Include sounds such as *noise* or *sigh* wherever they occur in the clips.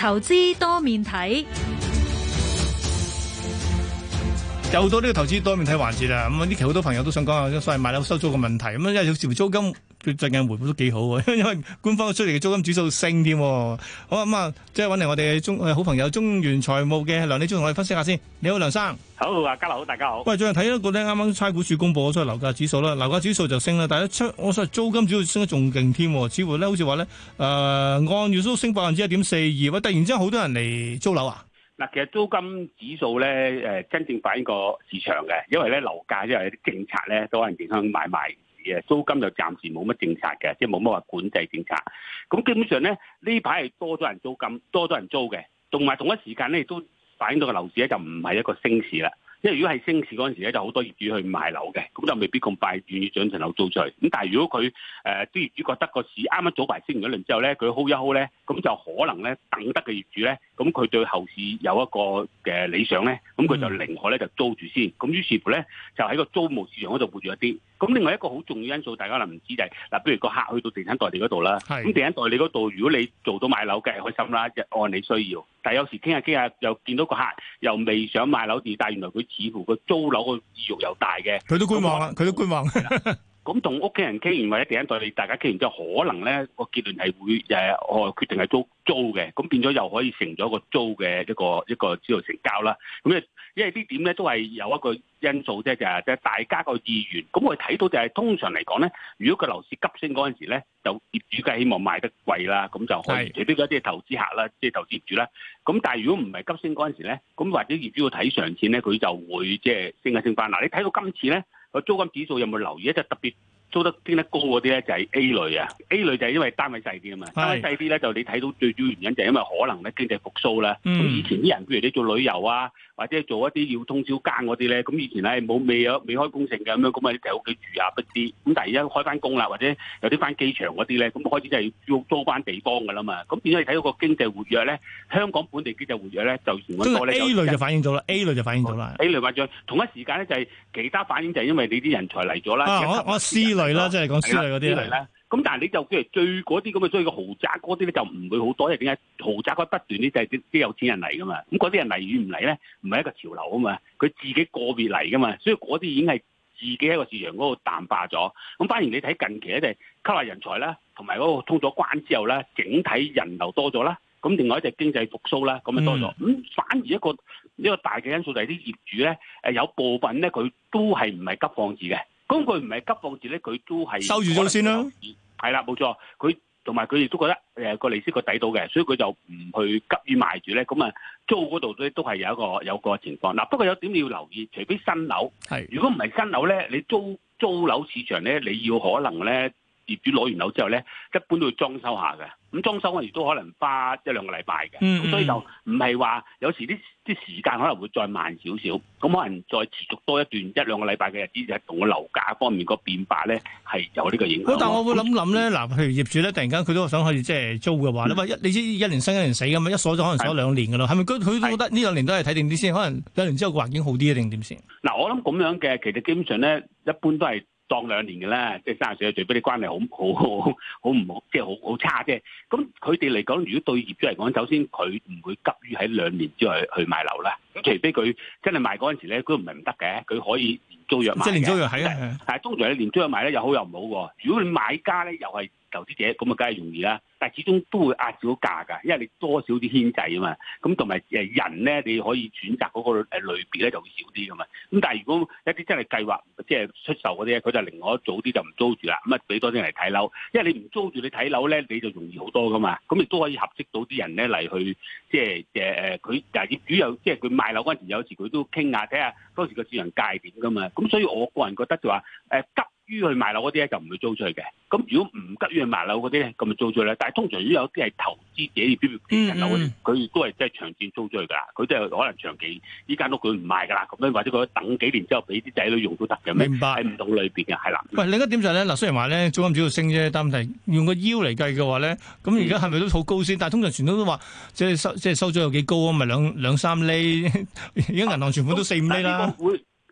投資多面睇。有好多呢個投資多面睇環節啦，咁啊呢期好多朋友都想講下，所謂買樓收租嘅問題，咁啊因為有時租金佢最近回報都幾好，因為官方出嚟嘅租金指數升添，好咁啊、嗯，即係搵嚟我哋中好朋友中原財務嘅梁理中同我哋分析下先。你好，梁生。好啊，家好，大家好。喂，最近睇咗個咧，啱啱差估署公布咗出嚟樓價指數啦，樓價指數就升啦，但係出我睇租金指數升得仲勁添，似乎咧好似話咧誒按月租升百分之一點四二，喂，突然之間好多人嚟租樓啊？嗱，其實租金指數咧，誒真正反映個市場嘅，因為咧樓價因為啲政策咧都可能影響買賣嘅，租金就暫時冇乜政策嘅，即係冇乜話管制政策。咁基本上咧，呢排係多咗人租金，多咗人租嘅，同埋同一時間咧都反映到個樓市咧就唔係一個升市啦。因為如果係升市嗰陣時咧，就好多業主去買樓嘅，咁就未必咁快願意將層樓租出去。咁但係如果佢誒啲業主覺得個市啱啱早排升完一輪之後咧，佢 hold 一 hold 咧，咁就可能咧等得嘅業主咧。咁佢對後市有一個嘅理想咧，咁佢就寧可咧就租住先。咁、嗯、於是乎咧，就喺個租務市場嗰度活住一啲。咁另外一個好重要因素，大家可能唔知就係、是、嗱，比如個客去到地產代理嗰度啦。咁地產代理嗰度，如果你做到買樓嘅，開心啦，按你需要。但有時傾下傾下，又見到個客又未想買樓住，但原來佢似乎個租樓嘅意欲又大嘅。佢都觀望啦，佢都觀望。咁同屋企人傾完或者地產代理，大家傾完之後，可能咧個結論係會我、就是、決定係租。租嘅，咁變咗又可以成咗個租嘅一個一個資料成交啦。咁啊，因為點呢點咧都係有一個因素啫，就係即係大家個意願。咁我哋睇到就係、是、通常嚟講咧，如果個樓市急升嗰陣時咧，就業主梗係希望賣得貴啦，咁就係最多一啲投資客啦，即係投資業主啦。咁但係如果唔係急升嗰陣時咧，咁或者業主要睇上錢咧，佢就會即係升一升翻。嗱，你睇到今次咧個租金指數有冇留意？即係特別租得升得高嗰啲咧就係 A 類啊，A 類就係因為單位細啲啊嘛，單位細啲咧就你睇到最主要原因就係因為可能咧經濟復蘇啦，咁以前啲人譬如你做旅遊啊。或者做一啲要通宵更嗰啲咧，咁以前咧冇未有未開工程嘅咁樣，咁咪喺屋企住啊不知。咁但係而家開翻工啦，或者有啲翻機場嗰啲咧，咁開始就係要租返地方噶啦嘛。咁變咗你睇到個經濟活躍咧，香港本地經濟活躍咧就成個咧就。即係 A 類就反映咗啦，A 類就反映咗啦。A 類或者同一時間咧，就係其他反應就係因為你啲人才嚟咗啦。啊，我我，思我思思、啊、C 類啦，即係講 C 類嗰啲啦。咁但係你就譬如最嗰啲咁嘅，所以個豪宅嗰啲咧就唔會好多，因為點解豪宅佢不斷呢就係、是、啲有錢人嚟噶嘛，咁嗰啲人嚟與唔嚟咧，唔係一個潮流啊嘛，佢自己個別嚟噶嘛，所以嗰啲已經係自己喺個市場嗰度淡化咗。咁反而你睇近期一隻吸納人才啦，同埋嗰個通咗關之後咧，整體人流多咗啦，咁另外一隻經濟復甦啦，咁樣多咗，咁、嗯、反而一個一個大嘅因素就係啲業主咧，誒有部分咧佢都係唔係急放置嘅。咁佢唔係急放住咧，佢都係收住咗先啦、啊，係啦，冇錯。佢同埋佢亦都覺得誒個、呃、利息佢抵到嘅，所以佢就唔去急於賣住咧。咁啊，租嗰度咧都係有一個有一個情況。嗱，不過有點你要留意，除非新樓，如果唔係新樓咧，你租租樓市場咧，你要可能咧業主攞完樓之後咧，一般都要裝修下嘅。咁裝修我哋都可能花一兩個禮拜嘅，咁、嗯、所以就唔係話有時啲啲時間可能會再慢少少，咁可能再持續多一段一兩個禮拜嘅日子，就係同個樓價方面個變化咧係有呢個影響。嗯、但係我會諗諗咧，嗱，譬如業主咧，突然間佢都想去即係租嘅話，咁、嗯、一你知一年生一年死咁嘛，一鎖咗可能鎖兩年噶咯，係咪佢都覺得呢兩年都係睇定啲先，可能兩年之後個環境好啲一定點先？嗱，我諗咁樣嘅，其實基本上咧，一般都係。當兩年嘅啦，即係三十歲嘅，除非啲關係好好好唔好，即係好好差啫。咁佢哋嚟講，如果對業主嚟講，首先佢唔會急於喺兩年之內去，去買樓啦。咁除非佢真係賣嗰陣時咧，佢唔係唔得嘅，佢可以連租約買。即係連租約係但係，啊啊、通常咧連租約買咧又好又唔好喎。如果你買家咧又係。投資者咁啊，梗係容易啦，但係始終都會壓少價㗎，因為你多少啲牽制啊嘛。咁同埋誒人咧，你可以選擇嗰個誒類別咧，就會少啲噶嘛。咁但係如果一啲真係計劃即係出售嗰啲咧，佢就寧可早啲就唔租住啦。咁啊，俾多啲人嚟睇樓，因為你唔租住，你睇樓咧你就容易好多噶嘛。咁亦都可以合適到啲人咧嚟去即係誒誒，佢但係業主又即係佢賣樓嗰陣時，有時佢都傾下睇下當時個市場界點噶嘛。咁所以我個人覺得就話誒急。於去賣樓嗰啲咧就唔會租出去嘅，咁如果唔急於去賣樓嗰啲咧，咁就租出去啦。但係通常如果有啲係投資者要租人樓嗰啲，佢亦都係即係長線租出去㗎。佢都係可能長期依間屋佢唔賣㗎啦，咁樣或者佢等幾年之後俾啲仔女用都得嘅。明白。喺唔同裏邊嘅係啦。喂，另一點就係咧，嗱，雖然話咧租金指數升啫，但係用個腰嚟計嘅話咧，咁而家係咪都好高先？但係通常傳統都話即係收即係收租有幾高啊？咪兩兩三釐，而家銀行存款都四五釐啦。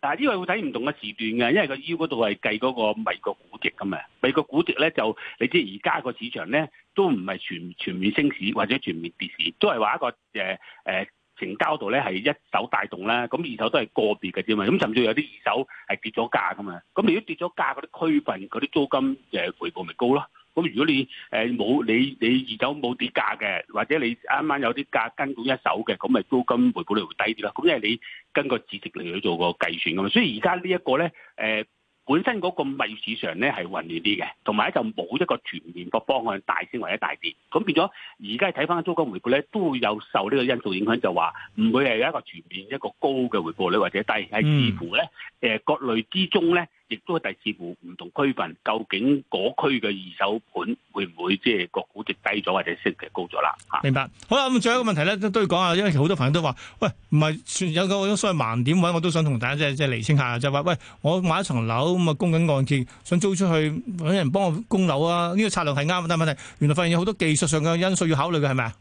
但係呢個會睇唔同嘅時段嘅，因為個腰嗰度係計嗰個美國估值㗎嘛，美國估值咧就你知而家個市場咧都唔係全全面升市或者全面跌市，都係話一個誒、呃呃、成交度咧係一手帶動啦，咁二手都係個別嘅啫嘛，咁甚至有啲二手係跌咗價㗎嘛，咁如果跌咗價嗰啲區份嗰啲租金誒回報咪高咯。咁如果你誒冇你你二手冇跌價嘅，或者你啱啱有啲價跟到一手嘅，咁咪租金回報率會低啲啦。咁因為你根據市值嚟去做個計算噶嘛，所以而家呢一個咧誒本身嗰個市場咧係混亂啲嘅，同埋咧就冇一個全面個方向大升或者大跌。咁變咗而家睇翻租金回報咧，都會有受呢個因素影響，就話唔會係有一個全面一個高嘅回報率或者低，係視乎咧誒各類之中咧。亦都係第四步，唔同區份，究竟嗰區嘅二手盤會唔會即係個估值低咗，或者升得高咗啦？嚇，明白。好啦，咁最後一個問題咧，都要講下。因為其實好多朋友都話：喂，唔係有個所謂盲點位，我都想同大家即係即係釐清下，就話、是：喂，我買一層樓咁啊，供緊按揭，想租出去揾人幫我供樓啊，呢、呢個策略係啱，但係問題原來發現有好多技術上嘅因素要考慮嘅，係咪啊？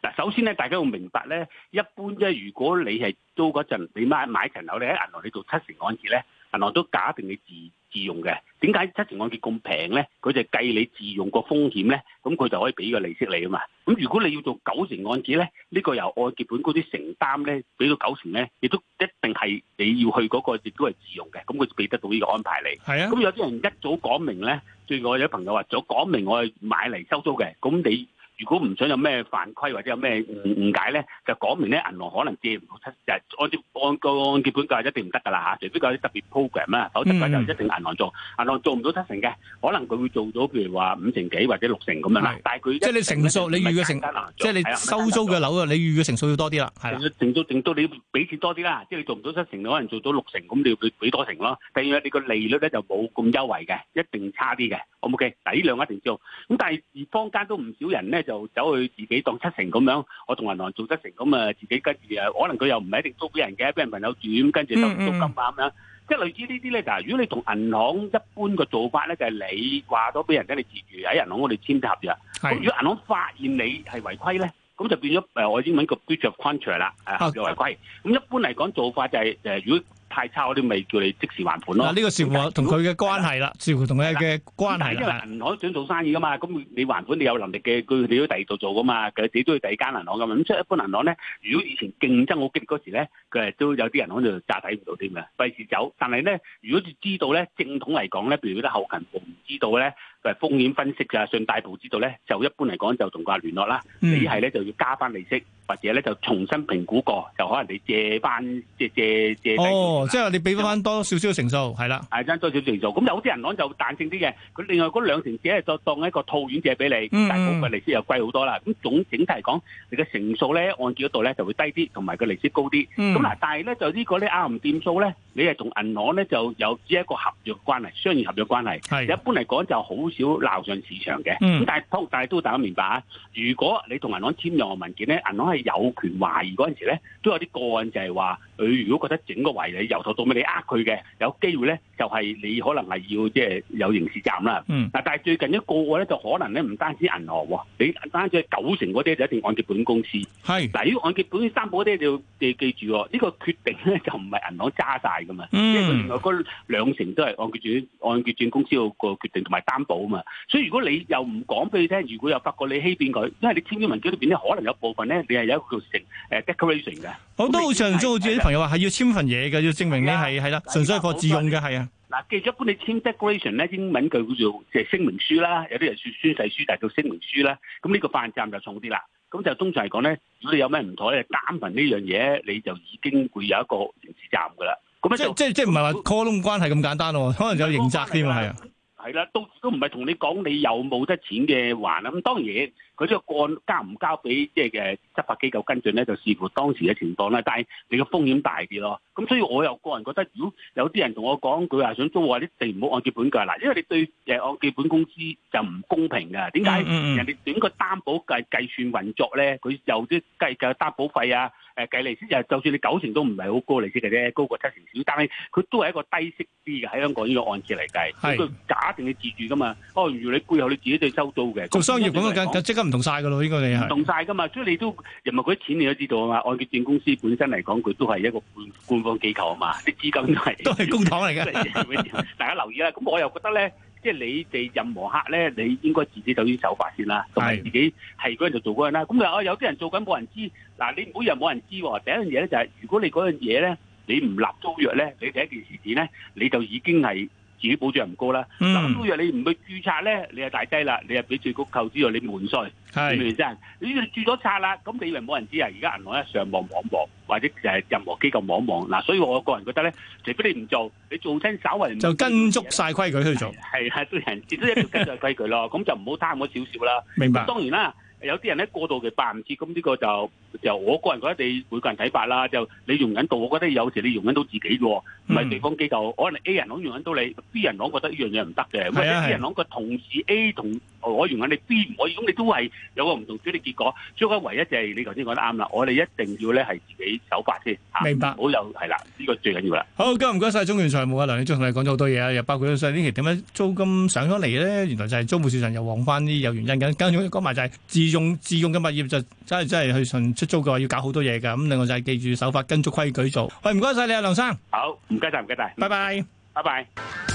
嗱，首先咧，大家要明白咧，一般即係如果你係租嗰陣，你買買層樓，你喺銀行你做七成按揭咧。原來都假定你自自用嘅，點解七成按揭咁平咧？佢就計你自用個風險咧，咁佢就可以俾個利息你啊嘛。咁如果你要做九成按揭咧，呢個由按揭本嗰啲承擔咧，俾到九成咧，亦都一定係你要去嗰個亦都係自用嘅，咁佢就俾得到呢個安排你。係啊，咁有啲人一早講明咧，最我有朋友話，早講明我係買嚟收租嘅，咁你。如果唔想有咩犯規或者有咩誤誤解咧，就講明咧，銀行可能借唔到七成，就按照按個按揭本價一定唔得噶啦嚇，除非嗰啲特別 program 啊，否則咧就一定銀行做，嗯、銀行做唔到七成嘅，可能佢會做咗譬如話五成幾或者六成咁樣啦。但係佢即係你成數，你預嘅成數即係你收租嘅樓啊，你預嘅成數要多啲啦。成數成數成多，你要俾錢多啲啦。即係你，、就是、你做唔到七成，可能做到六成，咁你要俾俾多成咯。第二你個利率咧就冇咁優惠嘅，一定差啲嘅。O K，嗱呢兩個一定要。咁但係而坊間都唔少人咧。就走去自己當七成咁樣，我同銀行做七成咁啊，自己跟住啊，可能佢又唔係一定租俾人嘅，俾人朋友住咁，跟住就租金啊咁樣，嗯嗯、即係類似呢啲咧。嗱，如果你同銀行一般嘅做法咧，就係、是、你話咗俾人聽你，自住喺銀行，我哋簽合約。如果銀行發現你係違規咧，咁就變咗誒，我英文個 breach of contract 啦，合約違規。咁，啊、一般嚟講做法就係、是、誒、就是，如果。太差，我哋咪叫你即時還款咯。嗱、啊，呢、這個視乎同佢嘅關係啦，視乎同佢嘅關係。是因為銀行想做生意噶嘛，咁你還款你有能力嘅，佢你都第二度做噶嘛，佢自己都要第二間銀行咁。咁即係一般銀行咧，如果以前競爭好激烈嗰時咧，佢係都有啲銀行就詐睇唔到添嘅，費事走。但係咧，如果你知道咧，正統嚟講咧，譬如啲後勤部唔知道咧，誒、就是、風險分析啊，信貸部知道咧，就一般嚟講就同佢聯絡啦、嗯。你係咧就要加翻利息，或者咧就重新評估過，就可能你借翻借借借低。哦，即係你俾翻翻多少少嘅成數，係啦，係爭多少少成數。咁有啲銀行就彈性啲嘅，佢另外嗰兩成只係就當一個套遠借俾你，但係嗰個利息又貴好多啦。咁總整體嚟講，你嘅成數咧按揭嗰度咧就會低啲，同埋個利息高啲。咁嗱，但係咧就呢個咧拗唔掂數咧，你係同銀行咧就有只一個合約關係，商業合約關係。係一般嚟講就好少鬧上市場嘅。咁但係，但係都大家明白啊！如果你同銀行簽約嘅文件咧，銀行係。有權懷疑嗰陣時咧，都有啲個案就係話。佢如果覺得整個圍你由頭到尾你呃佢嘅，有機會咧就係、是、你可能係要即係有刑事站啦。嗯。但係最近一個個咧就可能咧唔單止銀行喎，你單止九成嗰啲就一定按揭保險公司。係。嗱，如果按揭保險擔保嗰啲就要你要記住，呢、這個決定咧就唔係銀行揸晒噶嘛。即係另外嗰兩成都係按揭保險按揭保險公司個個決定同埋擔保啊嘛。所以如果你又唔講俾佢聽，如果又發覺你欺騙佢，因為你簽簽文件裏邊咧可能有部分咧你係有一個叫成誒 decoration 嘅。好多好長做住啲。啊。你話係要簽份嘢嘅，要證明你係係啦，純粹係個自用嘅，係啊。嗱，記住，一般你簽 declaration 咧，英文叫叫做即係聲明書啦。有啲人說宣誓書，但係叫聲明書啦。咁呢個犯站就重啲啦。咁就通常嚟講咧，如果你有咩唔妥咧，單份呢樣嘢，你就已經會有一個刑事站噶啦。即即即唔係話 call loan 關係咁簡單咯，可能就有刑責添啊，係、嗯、啊。係啦，都都唔係同你講你有冇得錢嘅還啊。咁當然佢即個案交唔交俾即係嘅執法機構跟進咧，就視乎當時嘅情況啦。但係你個風險大啲咯。咁所以我又個人覺得，如果有啲人同我講，佢話想租我啲地唔好按揭本㗎嗱，因為你對誒按揭本公司就唔公平㗎。點解、嗯嗯嗯？人哋整個擔保計計算運作咧，佢有啲計嘅擔保費啊，誒計利息。就就算你九成都唔係好高利息嘅啫，高過七成少。但係佢都係一個低息啲嘅喺香港呢個按揭嚟計。佢假定你自住㗎嘛？哦、啊，如果你背後你自己對收租嘅商業咁樣即刻同晒噶咯，呢個你係。同晒噶嘛，所以你都任何嗰啲錢你都知道啊嘛。按揭證公司本身嚟講，佢都係一個官官方機構啊嘛，啲資金都係都係公帑嚟㗎。 *laughs* 大家留意啦。咁我又覺得咧，即係你哋任何客咧，你應該自己首先守法先啦，同埋自己係嗰人就做嗰人啦。咁啊，有啲人做緊冇人知，嗱你唔好以為冇人知。第一樣嘢咧就係、是，如果你嗰樣嘢咧你唔立租約咧，你第一件事件咧你就已經係。自己保障唔高啦，咁、嗯、都要你唔去註冊咧，你係大劑啦，你係俾最高扣資助，你瞞稅，明唔明先？你住咗冊啦，咁你以為冇人知啊？而家銀行咧上網網網，或者誒任何機構網網，嗱，所以我個人覺得咧，除非你唔做，你做親稍微就跟足晒規矩去做，係啊，對人亦都一定要跟足規矩咯，咁 *laughs* 就唔好貪我少少啦。明白。當然啦。有啲人咧過度嘅辦唔切，咁、這、呢個就就我個人覺得你每個人睇法啦。就你容忍度，我覺得有時你容忍到自己嘅，唔、嗯、係地方機構。可能 A 人講容忍到你，B 人講覺得呢樣嘢唔得嘅。咁啊，B 人講個同時，A 同我容忍你，B 唔可以，咁你都係有個唔同處理結果。最後唯一就係你頭先講得啱啦，我哋一定要咧係自己守法先。明白，好有，係啦，呢、這個最緊要啦。好，今日唔該晒中原財務嘅梁理中同你講咗好多嘢啊，又包括咗上啲期點樣租金上咗嚟咧，原來就係租務市場又旺翻啲，有原因嘅。跟住講埋就係用自用嘅物業就真係真係去純出租嘅話，要搞好多嘢㗎。咁另外就係記住手法跟足規矩做。喂，唔該晒你啊，梁生。好，唔該晒，唔該晒。拜拜，拜拜。Bye bye